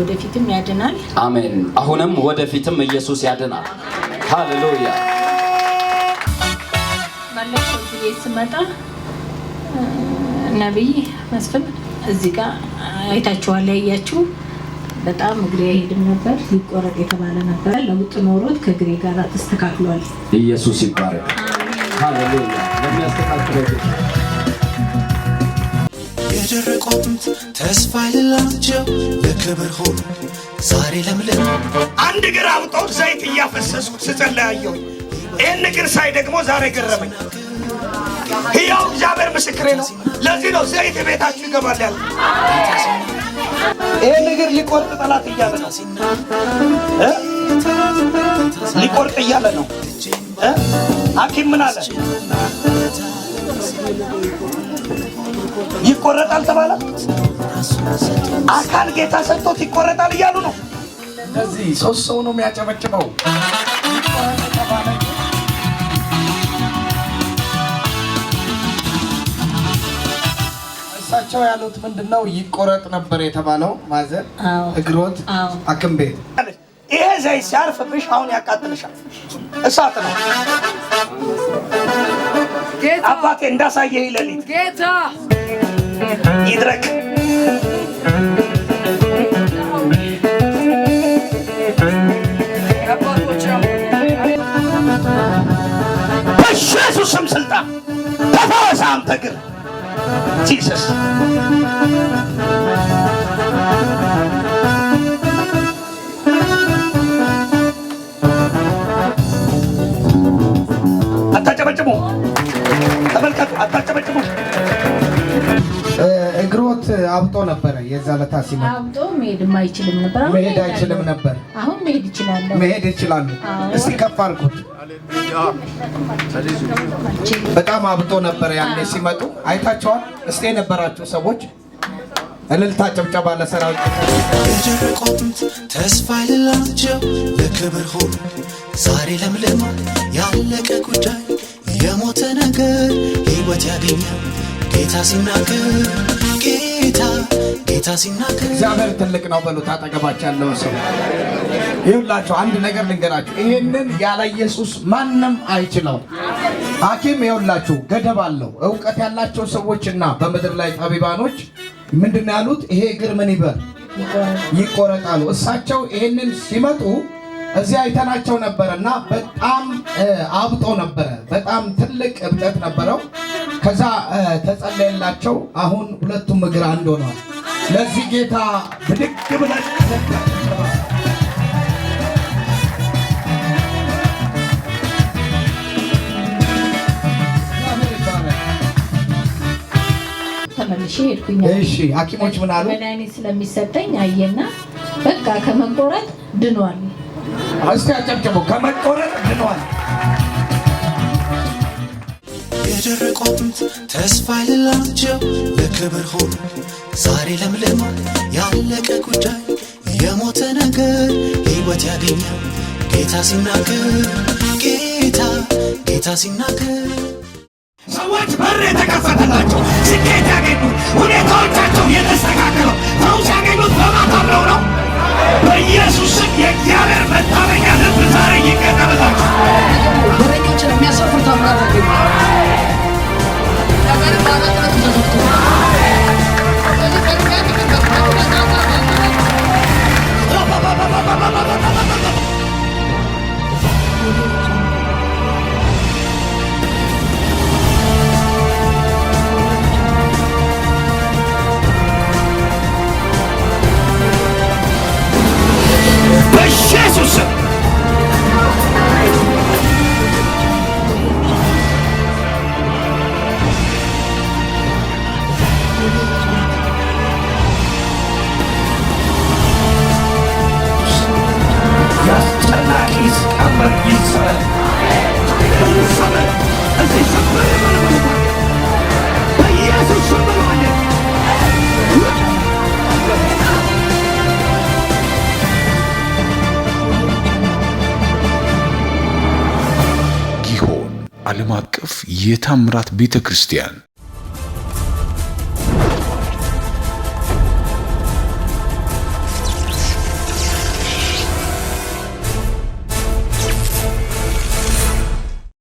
ወደፊትም ያድናል። አሜን። አሁንም ወደፊትም ኢየሱስ ያድናል። ሃሌሉያ። ባለፈው ጊዜ ስመጣ ነቢይ መስፍን እዚህ ጋር አይታችኋል፣ ያያችሁ በጣም እግሬ አይሄድም ነበር፣ ሊቆረጥ የተባለ ነበር። ለውጥ ኖሮት ከእግሬ ጋር ተስተካክሏል። ኢየሱስ ይባረክ። ሃሌሉያ። ለሚያስተካክለው የደረቁት ተስፋ የላቸው ክብር ሁሉ ዛሬ ለምለም አንድ እግር አውጦት ዘይት እያፈሰስኩ ስጸለያየሁኝ ይህን እግር ሳይ ደግሞ ዛሬ ገረመኝ። ሕያው እግዚአብሔር ምስክሬ ነው። ለዚህ ነው ዘይት ቤታችሁ ይገባል ያለ ይህን እግር ሊቆርጥ ጠላት እያለ ነው ሊቆርጥ እያለ ነው። ሐኪም ምን አለ? ይቆረጣል ተባለ። አካል ጌታ ሰጥቶት ይቆረጣል እያሉ ነው። እነዚህ ሶስት ሰው ነው የሚያጨበጭበው። እሳቸው ያሉት ምንድን ነው? ይቆረጥ ነበር የተባለው። ማዘር እግሮት ሐኪም ይሄ ዘይት ሲያርፍብሽ አሁን ያቃጥልሻል። እሳት ነው አባቴ እንዳሳየህ ይለሊት ጌታ ይድረክ በኢየሱስም ስልጣን ተፈወሰ አንተ እግር ጂሰስ አብጦ ነበረ። የዛ ለታ ሲመ አብጦ መሄድ አይችልም ነበር። አሁን መሄድ አይችልም ነበር። አሁን መሄድ ይችላል። መሄድ ይችላል። እስቲ ከፍ አድርጉት። በጣም አብጦ ነበረ ያኔ ሲመጡ አይታቸዋል። እስቲ የነበራቸው ሰዎች እልልታ፣ ጨብጨባ ለሰራዊት የጀቆጡት ተስፋ የሌላቸው ለክብር ሆኑ ዛሬ ለምለም ያለቀ ጉዳይ የሞተ ነገር ሕይወት ያገኛል ጌታ ሲናገር እግዚአብሔር ትልቅ ነው በሉት። አጠገባች ያለውን ሰው ይሁላችሁ። አንድ ነገር ልንገራችሁ፣ ይህንን ያለ ኢየሱስ ማንም አይችለው። ሐኪም ይሁላችሁ ገደብ አለው። እውቀት ያላቸው ሰዎችና በምድር ላይ ጠቢባኖች ምንድን ያሉት? ይሄ እግር ምን ይበል ይቆረጣሉ። እሳቸው ይህንን ሲመጡ እዚህ አይተናቸው ነበረ እና በጣም አብጦ ነበረ። በጣም ትልቅ እብጠት ነበረው። ከዛ ተጸለየላቸው። አሁን ሁለቱም እግር አንድ ሆነዋል። ለዚህ ጌታ ብድግ ብለን ተመልሼ ሄድኩኝ። ሐኪሞች ምን አሉ? ስለሚሰጠኝ አየና በቃ ከመቆረጥ ድኗል እስቲ አጨብጭቡ። ከመቆረጥ ድኗል። የደረቁት ተስፋ የሌላቸው ለክብር ሆኑ! ዛሬ ለምለማ ያለቀ ጉዳይ የሞተ ነገር ሕይወት ያገኛል ጌታ ሲናገር፣ ጌታ ጌታ ሲናገር ሰዎች በር የተከፈተላቸው ስኬት ያገኙ ሁኔታዎቻቸው የተስተካከለው ፈውስ ያገኙት ዓለም አቀፍ የታምራት ቤተ ክርስቲያን